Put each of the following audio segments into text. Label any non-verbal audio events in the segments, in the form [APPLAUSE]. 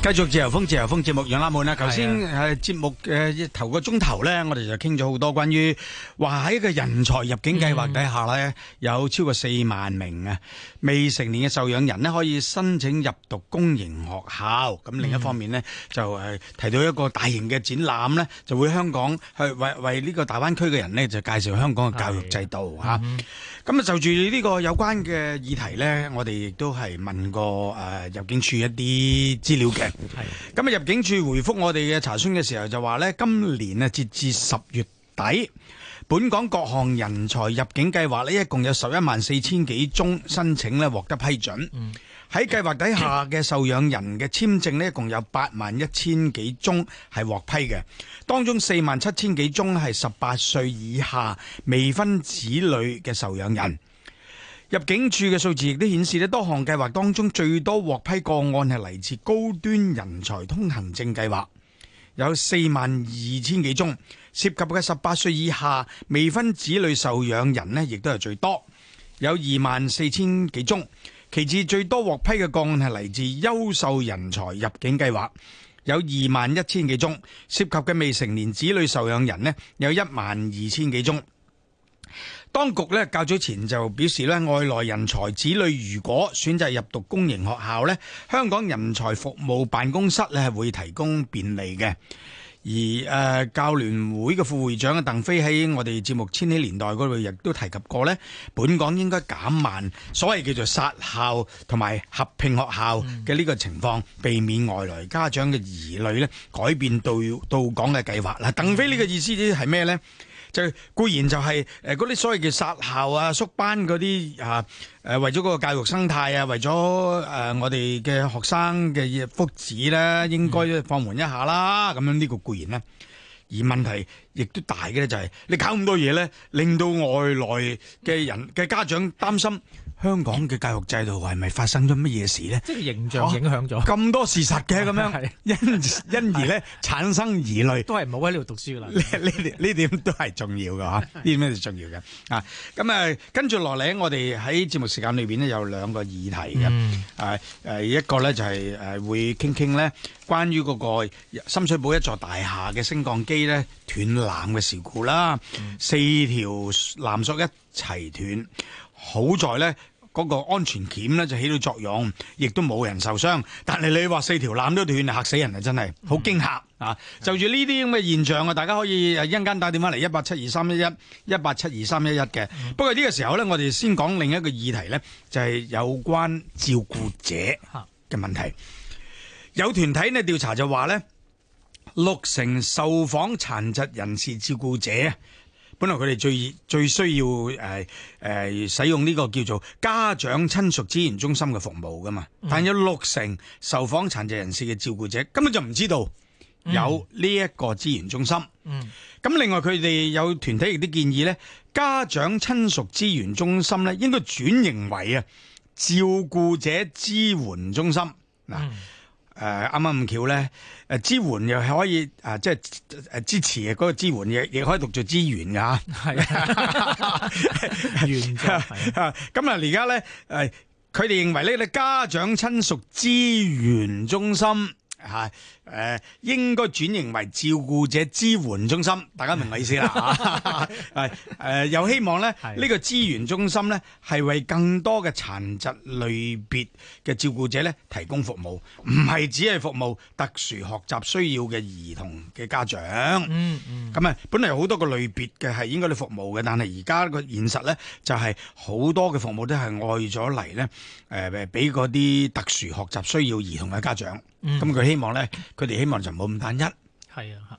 繼續自由風自由風節目，養啦妹啦。頭先誒節目嘅頭個鐘頭咧，我哋就傾咗好多關於話喺一個人才入境計劃底下咧、嗯，有超過四萬名未成年嘅受養人可以申請入讀公營學校。咁另一方面呢，嗯、就係、呃、提到一個大型嘅展覽呢就會香港去為為呢個大灣區嘅人呢，就介紹香港嘅教育制度吓。咁啊，就住呢個有關嘅議題呢，我哋亦都係問過誒、呃、入境處一啲資料嘅。係。咁啊，入境處回覆我哋嘅查詢嘅時候就話呢，今年啊截至十月底，本港各項人才入境計劃呢，一共有十一萬四千幾宗申請呢獲得批准。嗯。喺計劃底下嘅受養人嘅簽證呢，一共有八萬一千幾宗係獲批嘅，當中四萬七千幾宗係十八歲以下未婚子女嘅受養人。入境處嘅數字亦都顯示呢，多項計劃當中最多獲批個案係嚟自高端人才通行證計劃，有四萬二千幾宗涉及嘅十八歲以下未婚子女受養人呢，亦都係最多，有二萬四千幾宗。其次最多獲批嘅個案係嚟自優秀人才入境計劃，有二萬一千幾宗，涉及嘅未成年子女受養人呢，有一萬二千幾宗。當局咧較早前就表示咧，外來人才子女如果選擇入讀公營學校咧，香港人才服務辦公室咧係會提供便利嘅。而誒、呃、教聯會嘅副會長嘅鄧飛喺我哋節目《千禧年代》嗰度亦都提及過呢，本港應該減慢所謂叫做殺校同埋合併學校嘅呢個情況，避免外來家長嘅疑慮咧，改變到到港嘅計劃啦。鄧飛呢個意思係咩呢？就固然就係嗰啲所謂嘅殺校啊、縮班嗰啲啊，為咗嗰個教育生態啊，為咗誒、呃、我哋嘅學生嘅福祉咧、啊，應該放緩一下啦。咁、嗯、樣呢個固然呢，而問題亦都大嘅咧、就是，就係你搞咁多嘢咧，令到外來嘅人嘅家長擔心。香港嘅教育制度係咪發生咗乜嘢事咧？即係形象影響咗咁多事實嘅咁樣，因因而咧產生疑慮，都係唔好喺呢度讀書啦。呢呢點都係重要嘅，吓呢點都係重要嘅，咁啊，跟住落嚟，我哋喺節目時間裏邊咧有兩個議題嘅，誒誒，一個咧就係誒會傾傾咧關於嗰個深水埗一座大廈嘅升降機咧斷纜嘅事故啦，四條纜索一齊斷。好在呢嗰、那個安全鉗呢，就起到作用，亦都冇人受傷。但係你話四條纜都斷，嚇死人啊！真係好驚嚇、嗯、啊！就住呢啲咁嘅現象啊、嗯，大家可以一陣間打電話嚟一八七二三一一一八七二三一一嘅。不過呢個時候呢，我哋先講另一個議題呢，就係、是、有關照顧者嘅問題。有團體呢調查就話呢，六成受訪殘疾人士照顧者。本來佢哋最最需要誒誒、呃呃、使用呢個叫做家長親屬資源中心嘅服務噶嘛、嗯，但有六成受訪殘疾人士嘅照顧者根本就唔知道有呢一個資源中心。咁、嗯、另外佢哋有團體亦都建議呢家長親屬資源中心呢應該轉型為啊照顧者支援中心嗱。嗯誒啱啱咁巧咧，誒支援又係可以誒、呃，即係誒支持嘅嗰、那個支援，亦亦可以讀做資源嘅嚇。係啊，源咁啊！而家咧誒，佢、呃、哋認為呢個家長親屬資源中心。吓誒、呃，應該轉型為照顧者支援中心，大家明我意思啦，吓誒誒，又、 [LAUGHS] 呃、希望咧呢 [LAUGHS] 這個資源中心咧係為更多嘅殘疾類別嘅照顧者咧提供服務，唔係只係服務特殊學習需要嘅兒童嘅家長。嗯嗯，咁啊，本來好多個類別嘅係應該你服務嘅，但係而家個現實咧就係、是、好多嘅服務都係外咗嚟咧誒，俾嗰啲特殊學習需要兒童嘅家長。嗯，咁佢希望咧，佢哋希望就冇咁單一。係啊，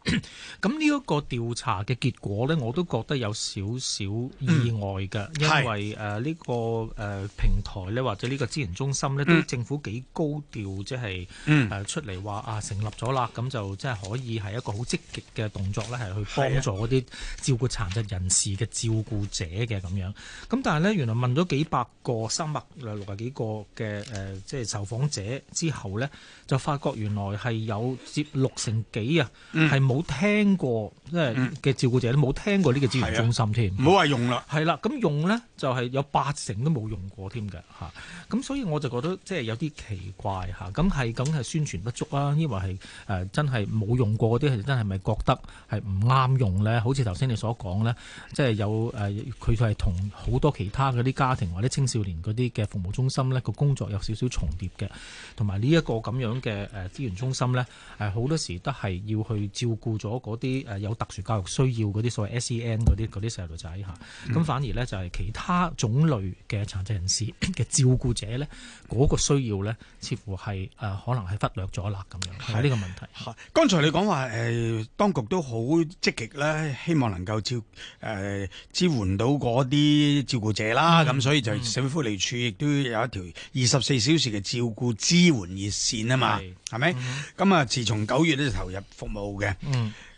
咁呢一個調查嘅結果呢，我都覺得有少少意外嘅，嗯，因為誒呢、呃，這個誒平台呢，或者呢個資源中心呢，都政府幾高調，就是，即係誒出嚟話啊成立咗啦，咁就即係可以係一個好積極嘅動作呢係去幫助嗰啲照顧殘疾人士嘅照顧者嘅咁、啊、樣。咁但係呢，原來問咗幾百個、三百六,六十幾個嘅誒即係受訪者之後呢，就發覺原來係有接六成幾啊。係、嗯、冇聽過即係嘅照顧者咧，冇、嗯、聽過呢個資源中心添。唔好話用啦，係啦、啊，咁用咧就係、是、有八成都冇用過添嘅嚇。咁、啊、所以我就覺得即係、就是、有啲奇怪嚇。咁係梗係宣傳不足啦，因為係誒真係冇用過嗰啲係真係咪覺得係唔啱用咧？好似頭先你所講咧，即係有誒佢就係同好多其他嗰啲家庭或者青少年嗰啲嘅服務中心咧個工作有少少重疊嘅，同埋呢一個咁樣嘅誒資源中心咧，係、呃、好多時都係要。去照顧咗嗰啲有特殊教育需要嗰啲所謂 SEN 嗰啲嗰啲細路仔嚇，咁、嗯、反而咧就係其他種類嘅殘疾人士嘅照顧者咧，嗰、那個需要咧，似乎係、呃、可能係忽略咗啦咁樣，係呢個問題。係，剛才你講話誒，當局都好積極咧，希望能夠照誒、呃、支援到嗰啲照顧者啦，咁所以就社會福利署亦都有一條二十四小時嘅照顧支援熱線啊嘛，係咪？咁啊，嗯、自從九月呢就投入服務。做、嗯、嘅，誒、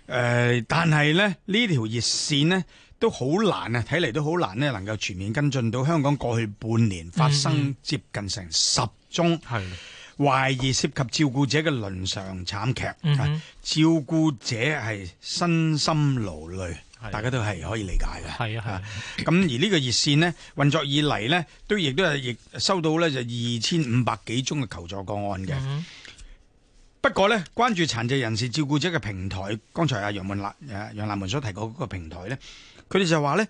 呃，但係咧呢條熱線呢都好難啊，睇嚟都好難呢，能夠全面跟進到香港過去半年發生接近成十宗係懷、嗯嗯、疑涉及照顧者嘅倫常慘劇、嗯嗯啊，照顧者係身心勞累、嗯，大家都係可以理解嘅。係啊，係啊，咁而呢個熱線呢，運作以嚟呢，都亦都係亦收到呢就二千五百幾宗嘅求助個案嘅。嗯嗯不過呢，關注殘疾人士照顧者嘅平台，剛才阿楊文立、誒楊立文所提過嗰個平台呢，佢哋就話呢，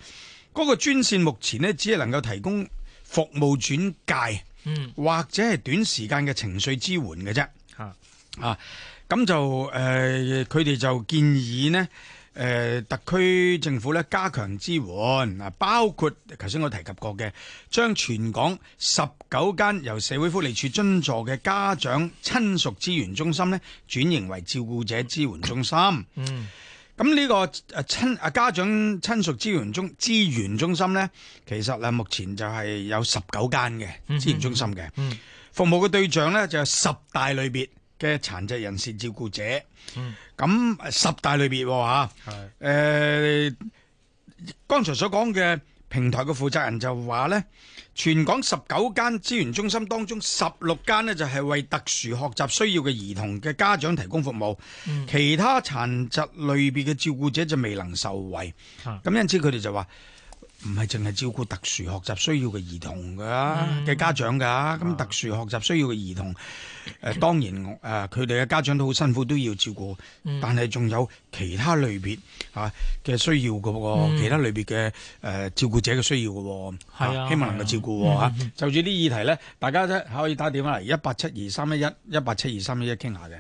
嗰個專線目前呢，只係能夠提供服務轉介，嗯，或者係短時間嘅情緒支援嘅啫，吓、啊、咁、啊、就誒，佢、呃、哋就建議呢。誒、呃，特區政府咧加強支援，包括頭先我提及過嘅，將全港十九間由社會福利署津助嘅家長親屬資源中心咧，轉型為照顧者支援中心。嗯，咁呢、這個誒親啊親家長親屬資源中資源中心咧，其實目前就係有十九間嘅資源中心嘅、嗯，服務嘅對象咧就有十大類別嘅殘疾人士照顧者，咁、嗯、十大類別喎、啊、嚇，誒、呃，剛才所講嘅平台嘅負責人就話呢，全港十九間資源中心當中，十六間呢就係為特殊學習需要嘅兒童嘅家長提供服務，嗯、其他殘疾類別嘅照顧者就未能受惠。咁因此佢哋就話，唔係淨係照顧特殊學習需要嘅兒童噶嘅家長噶，咁、嗯、特殊學習需要嘅兒童。誒，當然，誒，佢哋嘅家長都好辛苦，都要照顧，但係仲有其他類別吓嘅需要噶喎，其他類別嘅誒照顧者嘅需要噶喎，係啊，希望能夠照顧吓。就住啲議題咧，大家咧可以打電話嚟一八七二三一一一八七二三一一傾下嘅。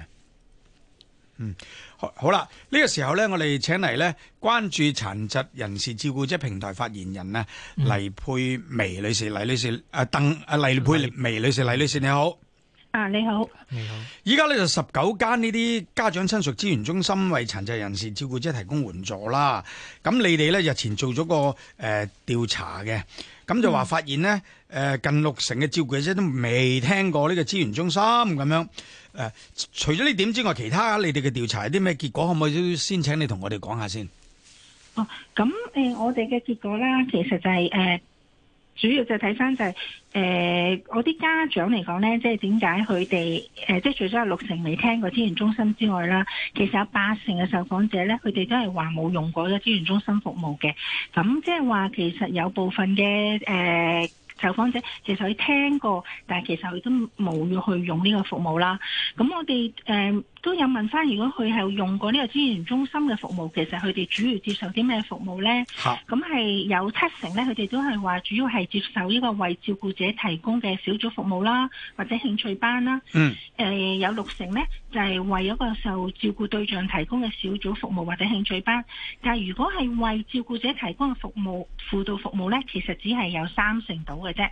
嗯，好，好啦，呢個時候咧，我哋請嚟咧關注殘疾人士照顧者平台發言人咧，黎沛薇女士，黎女士，阿鄧阿黎沛薇女士，黎女士你好。啊，你好，你好！依家呢就十九間呢啲家長親屬資源中心為殘疾人士照顧者提供援助啦。咁你哋呢日前做咗個誒、呃、調查嘅，咁就話發現呢誒、嗯呃、近六成嘅照顧者都未聽過呢個資源中心咁樣。誒、呃，除咗呢點之外，其他你哋嘅調查有啲咩結果？可唔可以先請你同我哋講下先？哦、啊，咁誒、呃，我哋嘅結果呢其實就係、是、誒。呃主要就睇翻就係，誒、呃、我啲家長嚟講咧，即係點解佢哋誒，即、呃、係除咗有六成未聽過資源中心之外啦，其實有八成嘅受訪者咧，佢哋都係話冇用過咗資源中心服務嘅。咁即係話其實有部分嘅誒、呃、受訪者其實佢聽過，但係其實佢都冇要去用呢個服務啦。咁我哋誒。呃都有問翻，如果佢係用過呢個資源中心嘅服務，其實佢哋主要接受啲咩服務呢？咁、啊、係有七成呢，佢哋都係話主要係接受呢個為照顧者提供嘅小組服務啦，或者興趣班啦。嗯呃、有六成呢，就係、是、為一個受照顧對象提供嘅小組服務或者興趣班。但如果係為照顧者提供嘅服務輔導服務呢，其實只係有三成到嘅啫。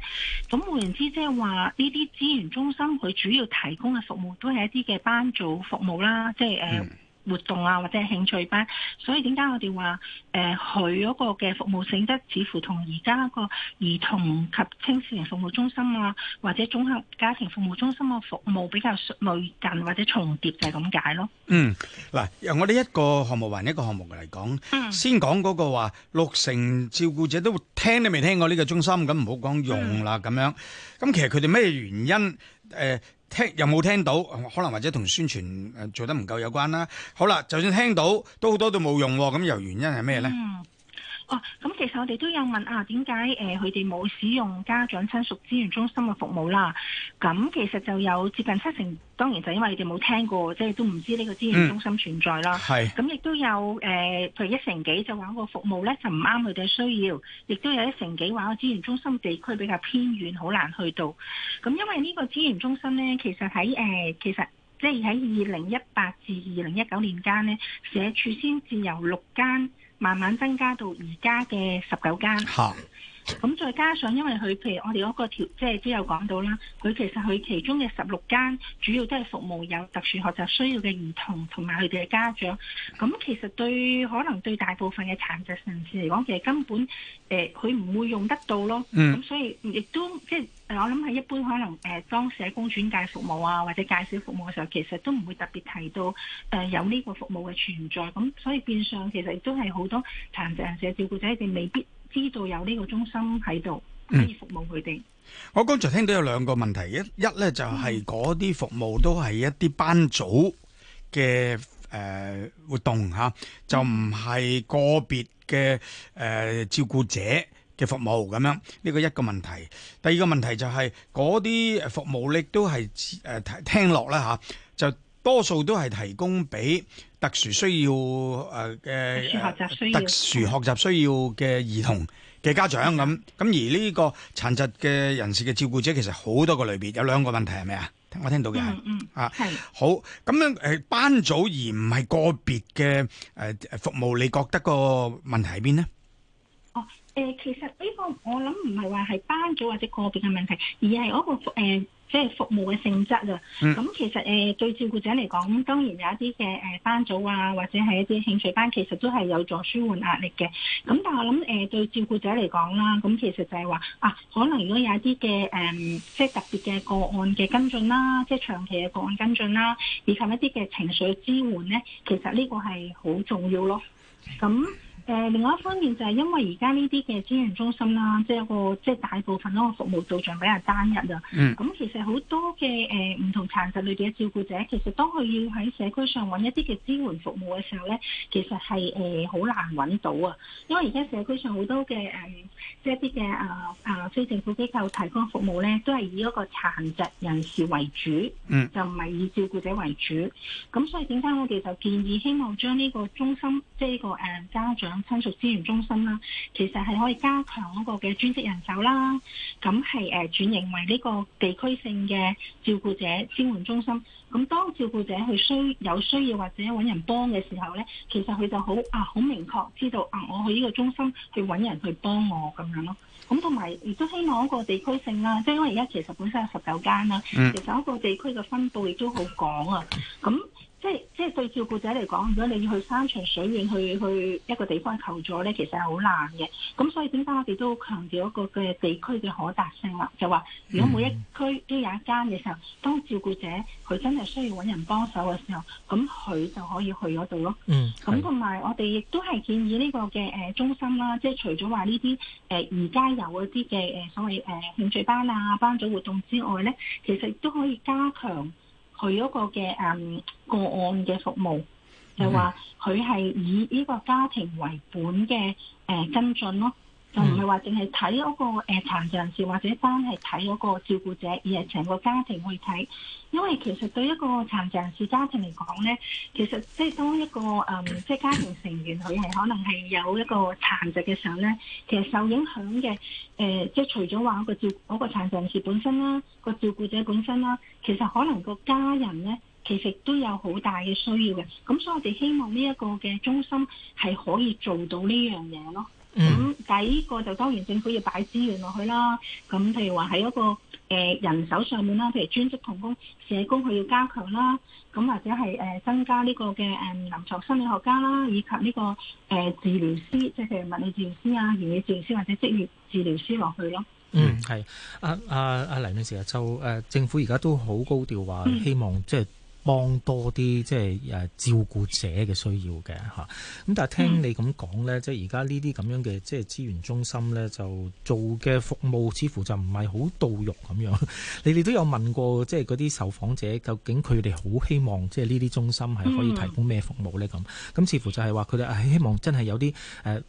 咁換言之即係話呢啲資源中心佢主要提供嘅服務都係一啲嘅班組服務。冇啦，即係誒活動啊，或者興趣班，所以點解我哋話誒佢嗰個嘅服務性質，似乎同而家個兒童及青少年服務中心啊，或者綜合家庭服務中心個服務比較類近或者重疊，就係咁解咯。嗯，嗱，由我哋一個項目還一個項目嚟講，嗯，先講嗰個話六成照顧者都聽都未聽過呢個中心咁，唔好講用啦咁、嗯、樣。咁其實佢哋咩原因誒？呃聽又冇聽到，可能或者同宣傳誒做得唔夠有關啦。好啦，就算聽到，都好多都冇用喎。咁由原因係咩咧？嗯哦，咁其實我哋都有問啊，點解誒佢哋冇使用家長親屬資源中心嘅服務啦？咁其實就有接近七成，當然就因為你哋冇聽過，即係都唔知呢個資源中心存在啦。咁、嗯、亦都有誒、呃，譬如一成幾就話個服務咧就唔啱佢哋嘅需要，亦都有一成幾話個資源中心地區比較偏遠，好難去到。咁因為呢個資源中心咧，其實喺誒、呃，其實即係喺二零一八至二零一九年間咧，社署先至由六間。慢慢增加到而家嘅十九間，咁再加上，因為佢譬如我哋嗰個條，即係都有講到啦，佢其實佢其中嘅十六間主要都係服務有特殊學習需要嘅兒童同埋佢哋嘅家長，咁其實對可能對大部分嘅殘疾人士嚟講，其實根本誒佢唔會用得到咯，咁，嗯，所以亦都即係。誒，我諗係一般可能誒，當社工轉介服務啊，或者介紹服務嘅時候，其實都唔會特別提到誒有呢個服務嘅存在，咁所以變相其實都係好多殘疾人士嘅照顧者一定未必知道有呢個中心喺度可以服務佢哋。我剛才聽到有兩個問題，一，一咧就係嗰啲服務都係一啲班組嘅誒活動嚇，就唔係個別嘅誒照顧者。嘅服務咁樣，呢個一個問題，第二個問題就係嗰啲服務力都係誒、呃、聽落啦吓，就多數都係提供俾特殊需要誒嘅、呃啊、特殊學習需要嘅兒童嘅家長咁咁、嗯，而呢個殘疾嘅人士嘅照顧者其實好多個類別，有兩個問題係咪啊？我聽到嘅係、嗯嗯、啊，係好咁樣誒班組，而唔係個別嘅誒服務，你覺得個問題喺邊呢？哦。誒，其實呢個我諗唔係話係班組或者個別嘅問題，而係嗰個誒即係服務嘅性質啊。咁、嗯、其實誒、呃、對照顧者嚟講，當然有一啲嘅誒班組啊，或者係一啲興趣班，其實都係有助舒緩壓力嘅。咁但係我諗誒、呃、對照顧者嚟講啦，咁其實就係話啊，可能如果有一啲嘅誒即係特別嘅個案嘅跟進啦，即係長期嘅個案跟進啦，以及一啲嘅情緒支援咧，其實呢個係好重要咯。咁誒另外一方面就係因為而家呢啲嘅資源中心啦，即係一個即係大部分嗰個服務對象比較單一啊。嗯。咁其實好多嘅誒唔同殘疾類別嘅照顧者，其實當佢要喺社區上揾一啲嘅支援服務嘅時候咧，其實係誒好難揾到啊。因為而家社區上好多嘅誒、嗯，即係一啲嘅啊啊非政府機構提供嘅服務咧，都係以一個殘疾人士為主。嗯。就唔係以照顧者為主。咁所以點解我哋就建議希望將呢個中心，即係個誒家長親屬資源中心啦，其實係可以加強嗰個嘅專職人手啦，咁係誒轉型為呢個地區性嘅照顧者支援中心。咁當照顧者佢需有需要或者揾人幫嘅時候呢，其實佢就好啊，好明確知道啊，我去呢個中心去揾人去幫我咁樣咯。咁同埋亦都希望嗰個地區性啦，即係因為而家其實本身有十九間啦，其實嗰個地區嘅分布亦都好廣啊，咁。即係即係，對照顧者嚟講，如果你要去山長水遠去去一個地方求助咧，其實係好難嘅。咁所以點解我哋都強調一個嘅地區嘅可達性啦，就話如果每一區都有一間嘅時候，當照顧者佢真係需要揾人幫手嘅時候，咁佢就可以去嗰度咯。嗯。咁同埋我哋亦都係建議呢個嘅誒中心啦，即係除咗話呢啲誒而家有嗰啲嘅誒所謂誒興趣班啊、班組活動之外咧，其實亦都可以加強。佢嗰個嘅誒個案嘅服務，就話佢係以呢個家庭為本嘅誒跟進咯。就唔係話淨係睇嗰個誒殘疾人士或者單係睇嗰個照顧者，而係成個家庭去睇。因為其實對一個殘疾人士家庭嚟講咧，其實即係當一個誒即係家庭成員佢係可能係有一個殘疾嘅時候咧，其實受影響嘅誒即係除咗話嗰個照、嗰個殘疾人士本身啦，個照顧者本身啦，其實可能個家人咧，其實都有好大嘅需要嘅。咁所以我哋希望呢一個嘅中心係可以做到呢樣嘢咯。咁第係呢個就當然政府要擺資源落去啦。咁譬如話喺一個人手上面啦，譬如專職同工社工佢要加強啦。咁或者係誒增加呢個嘅誒臨床心理學家啦，以及呢個誒治療師，即係譬如物理治療師啊、營養治療師或者職業治療師落去咯。嗯，係阿阿阿黎女士啊，就誒政府而家都好高調話希望即係。嗯幫多啲即係誒照顧者嘅需要嘅吓，咁但係聽你咁講呢，即係而家呢啲咁樣嘅即係資源中心呢，就做嘅服務似乎就唔係好到肉咁樣。你哋都有問過即係嗰啲受訪者，究竟佢哋好希望即係呢啲中心係可以提供咩服務呢？咁、嗯、咁似乎就係話佢哋希望真係有啲誒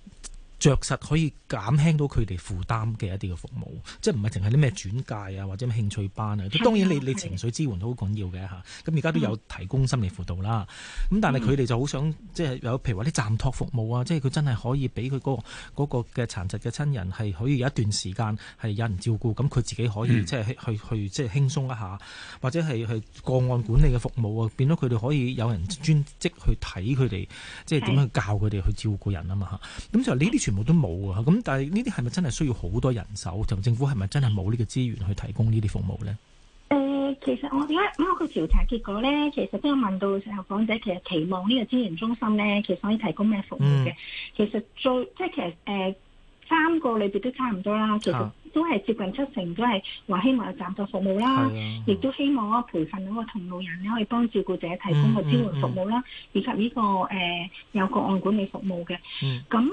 着實可以減輕到佢哋負擔嘅一啲嘅服務，即係唔係淨係啲咩轉介啊，或者咩興趣班啊。當然你你情緒支援都好緊要嘅嚇。咁而家都有提供心理輔導啦。咁、嗯、但係佢哋就好想即係有，譬如話啲暫託服務啊、嗯，即係佢真係可以俾佢嗰個嗰個嘅殘疾嘅親人係可以有一段時間係有人照顧，咁佢自己可以即係去、嗯、去即係輕鬆一下，或者係係個案管理嘅服務啊，變咗佢哋可以有人專職去睇佢哋，即係點樣教佢哋去照顧人啊嘛，咁就呢啲全部都冇啊！咁但係呢啲係咪真係需要好多人手？同政府係咪真係冇呢個資源去提供呢啲服務咧？誒、呃，其實我點解？咁、那、我個調查結果咧，其實都有問到受訪者，其實期望呢個資源中心咧，其實可以提供咩服務嘅、嗯？其實最即係其實誒、呃，三個裏邊都差唔多啦，其實都係接近七成都係話希望有暫託服務啦，亦、啊、都希望啊培訓嗰個同路人咧，可以幫照顧者提供個支援服務啦、嗯嗯嗯，以及呢、這個誒、呃、有個案管理服務嘅。咁、嗯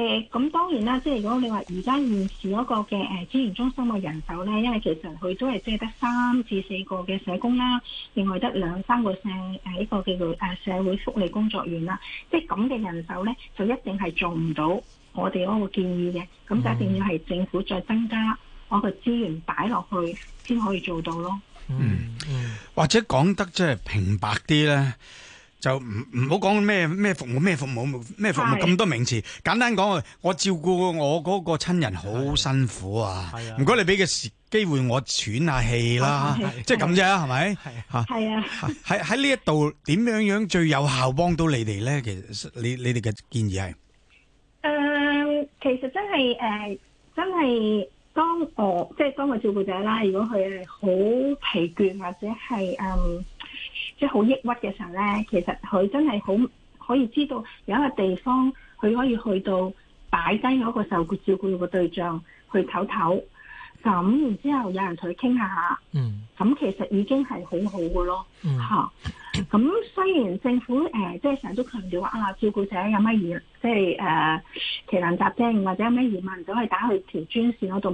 誒，咁當然啦，即係如果你話而家現時嗰個嘅誒資源中心嘅人手咧，因為其實佢都係即係得三至四個嘅社工啦，另外得兩三個社、誒呢個叫做誒社會福利工作員啦，即係咁嘅人手咧，就一定係做唔到我哋嗰個建議嘅，咁就一定要係政府再增加我個資源擺落去，先可以做到咯。嗯，或者講得即係平白啲咧。就唔唔好講咩咩服務咩服務咩服務咁多名詞，簡單講，我照顧我嗰個親人好辛苦啊！唔該，你俾個機會我喘下氣啦，即係咁啫，係咪？係啊，喺喺呢一度點樣樣最有效幫到你哋咧？其實你你哋嘅建議係誒、嗯，其實真係誒、呃，真係當我即係當個照顧者啦，如果佢係好疲倦或者係誒。嗯即係好抑鬱嘅時候咧，其實佢真係好可以知道有一個地方，佢可以去到擺低嗰個受照顧嘅對象去唞唞，咁然之後有人同佢傾下，嗯，咁其實已經係好好嘅咯，嚇、嗯。咁、啊、雖然政府誒、呃、即係成日都強調話啊，照顧者有乜疑，即係誒奇難雜症或者有咩疑問就可以打去嗰條專線嗰度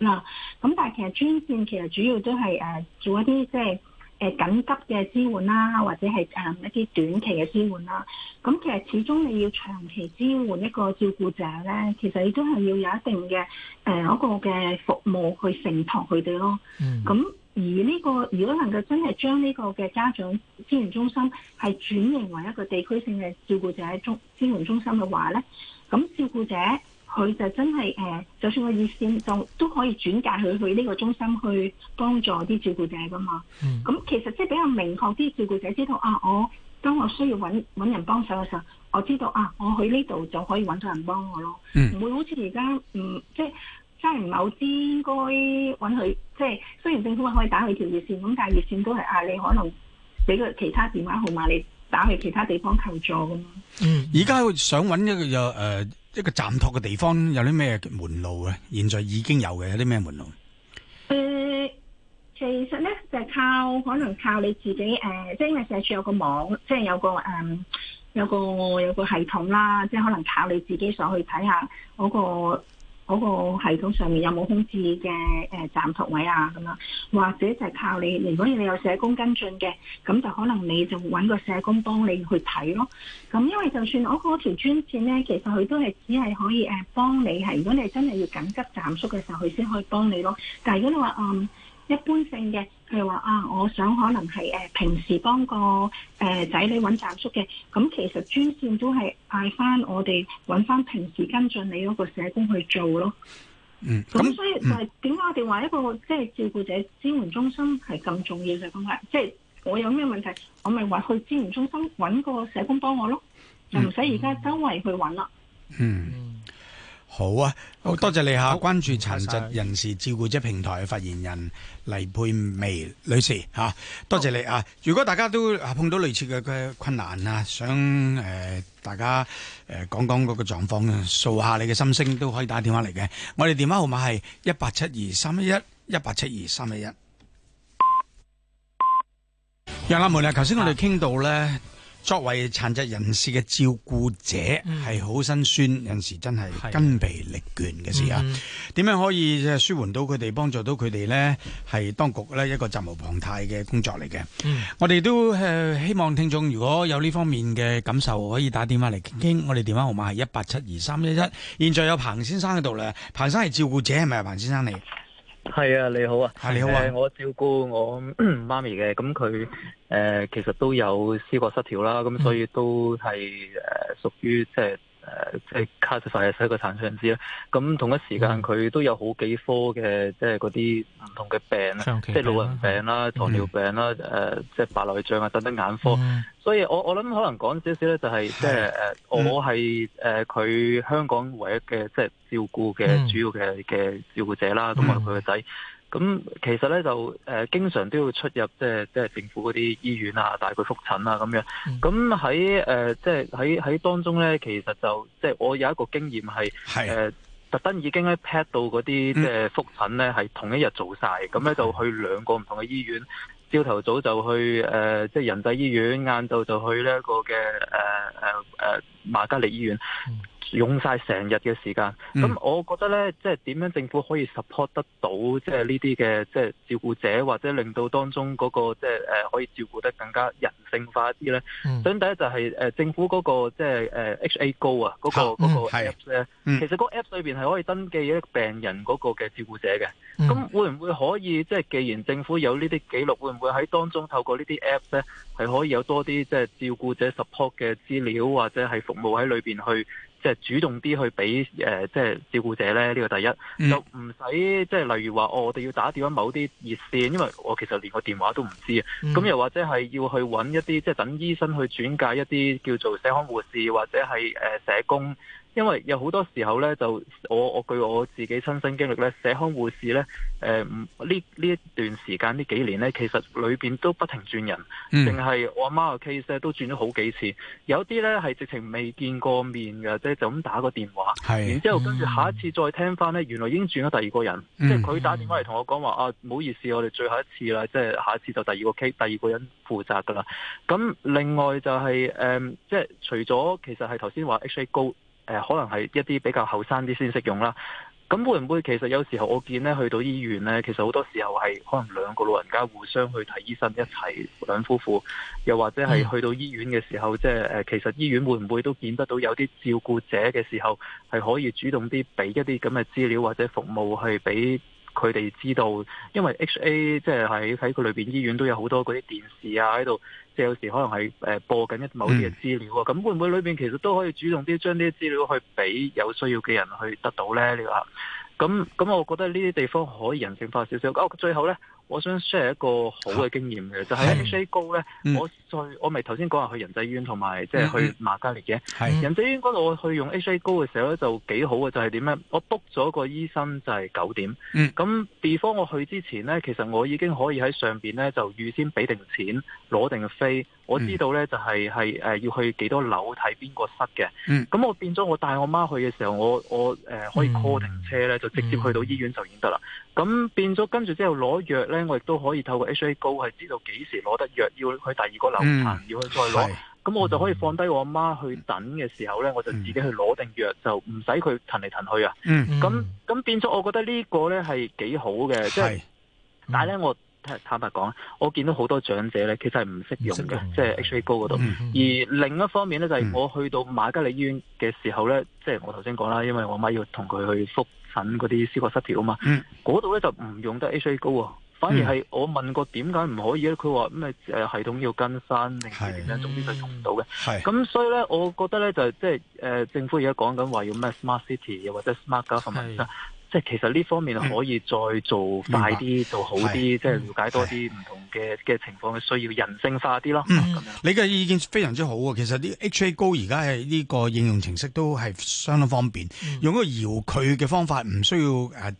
啦。咁、啊、但係其實專線其實主要都係誒做一啲即係。誒緊急嘅支援啦，或者係誒、嗯、一啲短期嘅支援啦。咁其實始終你要長期支援一個照顧者咧，其實你都係要有一定嘅誒嗰個嘅服務去承托佢哋咯。嗯。咁而呢、呢個如果能夠真係將呢個嘅家長資源中心係轉型為一個地區性嘅照顧者中資源中心嘅話咧，咁照顧者。佢就真係誒、呃，就算個熱線就都可以轉介佢去呢個中心去幫助啲照顧者噶嘛。咁、嗯、其實即係比較明確啲照顧者知道啊，我當我需要揾揾人幫手嘅時候，我知道啊，我去呢度就可以揾到人幫我咯。唔、嗯、會好似而家嗯，即係真係唔係好知應該揾佢，即係雖然政府話可以打佢條熱線，咁但係熱線都係啊，你可能俾佢其他電話號碼你打去其他地方求助噶嘛。嗯，而家想揾一個就。誒、呃。一個暫託嘅地方有啲咩門路咧？現在已經有嘅有啲咩門路？誒、嗯，其實咧就係、是、靠可能靠你自己誒、呃，即係因為社署有個網，即係有個誒、嗯、有個有個系統啦，即係可能靠你自己上去睇下嗰個。嗰個系統上面有冇空置嘅誒暫託位啊？咁樣，或者就係靠你，如果你有社工跟進嘅，咁就可能你就搵個社工幫你去睇咯。咁因為就算我嗰條專線咧，其實佢都係只係可以誒幫你係，如果你真係要緊急暫託嘅時候，佢先可以幫你咯。但係如果你話嗯一般性嘅。譬如話啊，我想可能係誒平時幫個誒仔，呃、女揾暫宿嘅，咁其實專線都係嗌翻我哋揾翻平時跟進你嗰個社工去做咯。嗯，咁所以就係點解我哋話一個即係，就是，照顧者支援中心係咁重要嘅？因為即係我有咩問題，我咪話去支援中心揾個社工幫我咯，就唔使而家周圍去揾啦。嗯、mm -hmm.。好啊，好、okay. 多謝你吓，關注殘疾人士照顧者平台嘅發言人黎沛薇女士吓，多謝你、okay. 啊！如果大家都啊碰到類似嘅嘅困難啊，想誒、呃、大家誒講講嗰個狀況，訴下你嘅心聲，都可以打電話嚟嘅。我哋電話號碼係一八七二三一一一八七二三一一。楊雅梅啊，頭先我哋傾到咧。啊作為殘疾人士嘅照顧者係好、嗯、辛酸，有時真係筋疲力倦嘅事呀，點、嗯、樣可以舒緩到佢哋、幫助到佢哋呢？係當局咧一個責無旁貸嘅工作嚟嘅、嗯。我哋都、呃、希望聽眾如果有呢方面嘅感受，可以打電話嚟傾傾。我哋電話號碼係一八七二三一一。現在有彭先生喺度啦，彭生係照顧者係咪啊？彭先生嚟。是不是係啊，你好啊，啊你好啊，啊我照顧我媽咪嘅，咁佢誒其實都有思覺失調啦，咁、啊、所以都係誒、呃、屬於即係。誒、呃，即係卡特弗係一個殘障人士啦，咁同一時間佢都有好幾科嘅、嗯，即係嗰啲唔同嘅病即係老人病啦、糖、嗯、尿病啦，誒、嗯呃，即係白內障啊等等眼科，嗯、所以我我諗可能講少少咧，就係即係誒，我係誒佢香港唯一嘅即係照顧嘅主要嘅嘅、嗯、照顧者啦，咁啊佢個仔。咁其實咧就誒、呃、經常都要出入即係即政府嗰啲醫院啊，帶佢覆診啊咁樣。咁喺誒即喺喺當中咧，其實就即係我有一個經驗係誒、呃、特登已經咧 p a d 到嗰啲即係覆診咧，係同一日做晒。咁、嗯、咧就去兩個唔同嘅醫院，朝頭早就去誒、呃、即係仁濟醫院，晏晝就去呢一個嘅誒誒誒瑪嘉烈醫院。嗯用晒成日嘅時間，咁、嗯、我覺得呢，即係點樣政府可以 support 得到即係呢啲嘅即係照顧者，或者令到當中嗰、那個即係、就是呃、可以照顧得更加人性化一啲呢？首先第一就係、是呃、政府嗰、那個即係 HA Go 啊，嗰、那個嗰 Apps、嗯、其實嗰個 Apps 裏面係可以登記一病人嗰個嘅照顧者嘅。咁、嗯、會唔會可以即係、就是、既然政府有呢啲記錄，會唔會喺當中透過 APP 呢啲 Apps 咧，係可以有多啲即係照顧者 support 嘅資料或者係服務喺裏面去？即係主動啲去俾誒，即、呃、係、就是、照顧者呢，呢、這個第一，又唔使即係，就是、例如話、哦、我哋要打電話某啲熱線，因為我其實連個電話都唔知。咁、嗯、又或者係要去揾一啲即係等醫生去轉介一啲叫做社康護士或者係誒、呃、社工。因為有好多時候咧，就我我據我自己親身經歷咧，社康護士咧，誒、呃，唔呢呢一段時間呢幾年咧，其實裏邊都不停轉人，淨、嗯、係我阿媽個 case 咧都轉咗好幾次，有啲咧係直情未見過面嘅，即係就咁打個電話，係、嗯，然之後跟住下一次再聽翻咧，原來已經轉咗第二個人，嗯、即係佢打電話嚟同我講話、嗯嗯、啊，唔好意思，我哋最後一次啦，即係下一次就第二個 case 第二個人負責噶啦。咁另外就係、是、誒、嗯，即係除咗其實係頭先話 HA 高。誒可能係一啲比較後生啲先適用啦，咁會唔會其實有時候我見呢，去到醫院呢，其實好多時候係可能兩個老人家互相去睇醫生一齊兩夫婦，又或者係去到醫院嘅時候，即係誒其實醫院會唔會都見得到有啲照顧者嘅時候係可以主動啲俾一啲咁嘅資料或者服務去俾。佢哋知道，因為 HA 即係喺喺佢裏邊醫院都有好多嗰啲電視啊喺度，即係有時可能係誒播緊一某啲嘅資料啊，咁、嗯、會唔會裏邊其實都可以主動啲將啲資料去俾有需要嘅人去得到呢？呢個，咁咁我覺得呢啲地方可以人性化少少。哦，最後呢。我想 share 一個好嘅經驗嘅，就係 A 高膏咧，我再我咪頭先講話去仁濟醫院同埋即係去馬加利嘅。仁濟醫院嗰度我去用 h A 高嘅時候咧就幾好嘅，就係點咧？我 book 咗個醫生就係、是、九點，咁 before 我去之前咧，其實我已經可以喺上面咧就預先俾定錢攞定飛。我知道呢，就係、是、係、呃、要去幾多樓睇邊個室嘅，咁、嗯、我變咗我帶我媽去嘅時候，我我、呃、可以 call 停車呢，就直接去到醫院就已經得啦。咁、嗯、變咗跟住之後攞藥呢，我亦都可以透過 H A 高係知道幾時攞得藥，要去第二個樓層、嗯、要去再攞，咁我就可以放低我媽去等嘅時候呢、嗯，我就自己去攞定藥，就唔使佢騰嚟騰去啊。咁、嗯、咁變咗，我覺得呢個呢係幾好嘅，即係，但係呢我。嗯坦白講，我見到好多長者咧，其實係唔識用嘅，即係 H A 高嗰度、嗯。而另一方面咧，就係我去到瑪嘉烈醫院嘅時候咧、嗯，即係我頭先講啦，因為我媽要同佢去覆診嗰啲思覺失調啊嘛。嗰度咧就唔用得 H A 高喎。反而係我問過點解唔可以咧，佢話咩誒系統要更新，定係點咧，總之就用唔到嘅。咁、嗯、所以咧，我覺得咧就即、是、係、呃、政府而家講緊話要咩 Smart City 又或者 Smart Government。即係其實呢方面可以再做快啲，做好啲，即係、就是、了解多啲唔同嘅嘅情況嘅需要，人性化啲咯。咁樣你嘅意見非常之好啊！其實啲 H A 高而家係呢個應用程式都係相當方便，嗯、用一個搖佢嘅方法，唔需要誒、呃、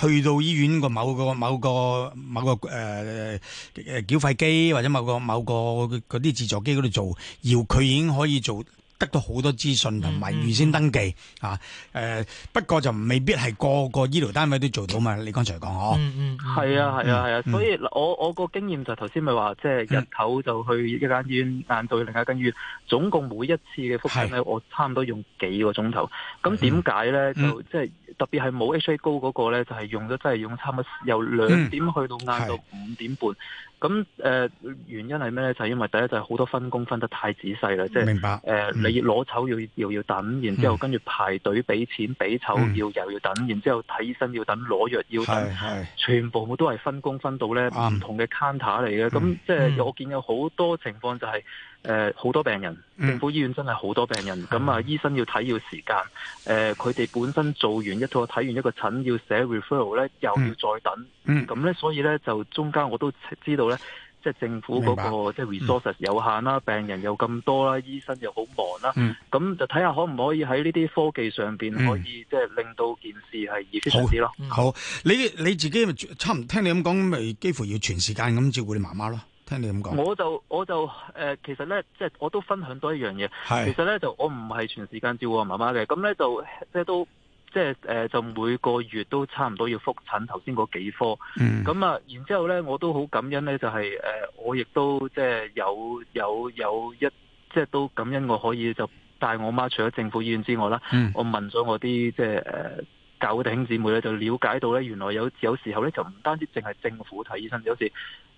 去到醫院個某個某個某個誒誒繳費機或者某個某個嗰啲自助機嗰度做搖佢已經可以做。得到好多資訊同埋預先登記、嗯、啊！誒，不過就未必係個個醫療單位都做到嘛。你剛才講，哦，嗯嗯，係、嗯、啊係啊係啊，所以嗱，我我個經驗就係頭先咪話，即係日頭就去一間醫院，晏晝另一間醫院，總共每一次嘅覆診咧，我差唔多用幾個鐘頭。咁點解咧？就即係。嗯，就係特別係冇 H A 高嗰、那個呢，就係、是、用咗真係用差唔多由兩點去到晏到五點半。咁、嗯、誒、呃、原因係咩呢？就係、是、因為第一就係、是、好多分工分得太仔細啦，即係誒你攞籌要拿要要等，然之後跟住排隊俾錢俾籌、嗯、要又要等，然之後睇醫生要等攞藥要等，係係全部都係分工分到呢唔同嘅 counter 嚟嘅。咁即係我見有好多情況就係、是。誒、呃，好多病人，政府醫院真係好多病人，咁、嗯、啊，醫生要睇要時間，誒、呃，佢哋本身做完一套，睇完一個診，要寫 referral 咧，又要再等，咁、嗯、咧，所以咧就中間我都知道咧，即、就、係、是、政府嗰個即係 resources 有限啦、嗯，病人又咁多啦，醫生又好忙啦，咁、嗯、就睇下可唔可以喺呢啲科技上邊可以即係、嗯就是、令到件事係易啲咯。好，嗯、你你自己咪差唔聽你咁講咪幾乎要全時間咁照顧你媽媽咯。聽你咁講，我就我就誒，其實咧，即係我都分享多一樣嘢。其實咧，就我唔係全時間照顧我媽媽嘅，咁咧就即係都即係、呃、就每個月都差唔多要復診頭先嗰幾科。咁、嗯、啊，然之後咧，我都好感恩咧、就係，就、呃、係我亦都即係有有有一，即係都感恩我可以就帶我媽除咗政府醫院之外啦、嗯。我問咗我啲即係誒教兄弟姊妹咧，就了解到咧，原來有有時候咧，就唔單止淨係政府睇醫生，有時。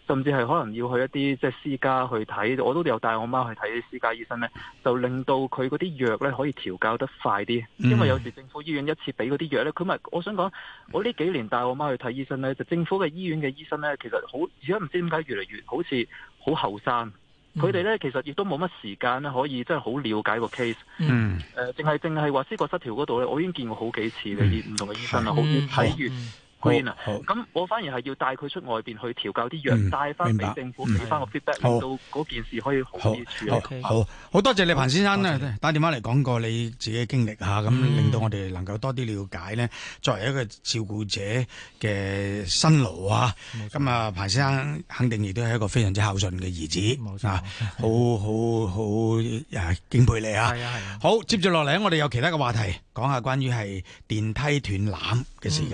甚至係可能要去一啲即係私家去睇，我都有帶我媽去睇啲私家醫生咧，就令到佢嗰啲藥咧，可以調教得快啲，因為有時政府醫院一次俾嗰啲藥咧，佢咪，我想講，我呢幾年帶我媽去睇醫生咧，就政府嘅醫院嘅醫生咧，其實好而家唔知點解越嚟越好似好後生，佢哋咧，其實亦都冇乜時間咧，可以真係好了解個 case，嗯，誒、呃，淨係淨係話思覺失調嗰度咧，我已經見過好幾次你啲唔、嗯、同嘅醫生啦、嗯，好睇、嗯、完。嗯好咁我反而係要帶佢出外邊去調教啲藥，帶翻俾政府俾翻、嗯、個 feedback，令到嗰件事可以好啲處理好，好，好，okay。好多謝你，彭先生咧，打電話嚟講過你自己嘅經歷吓，咁令到我哋能夠多啲了解咧，作為一個照顧者嘅辛勞啊。咁啊、嗯，彭先生肯定亦都係一個非常之孝順嘅兒子啊，好好好敬佩你啊！係啊係啊。好，接住落嚟我哋有其他嘅話題，講下關於係電梯斷纜嘅事嘅。嗯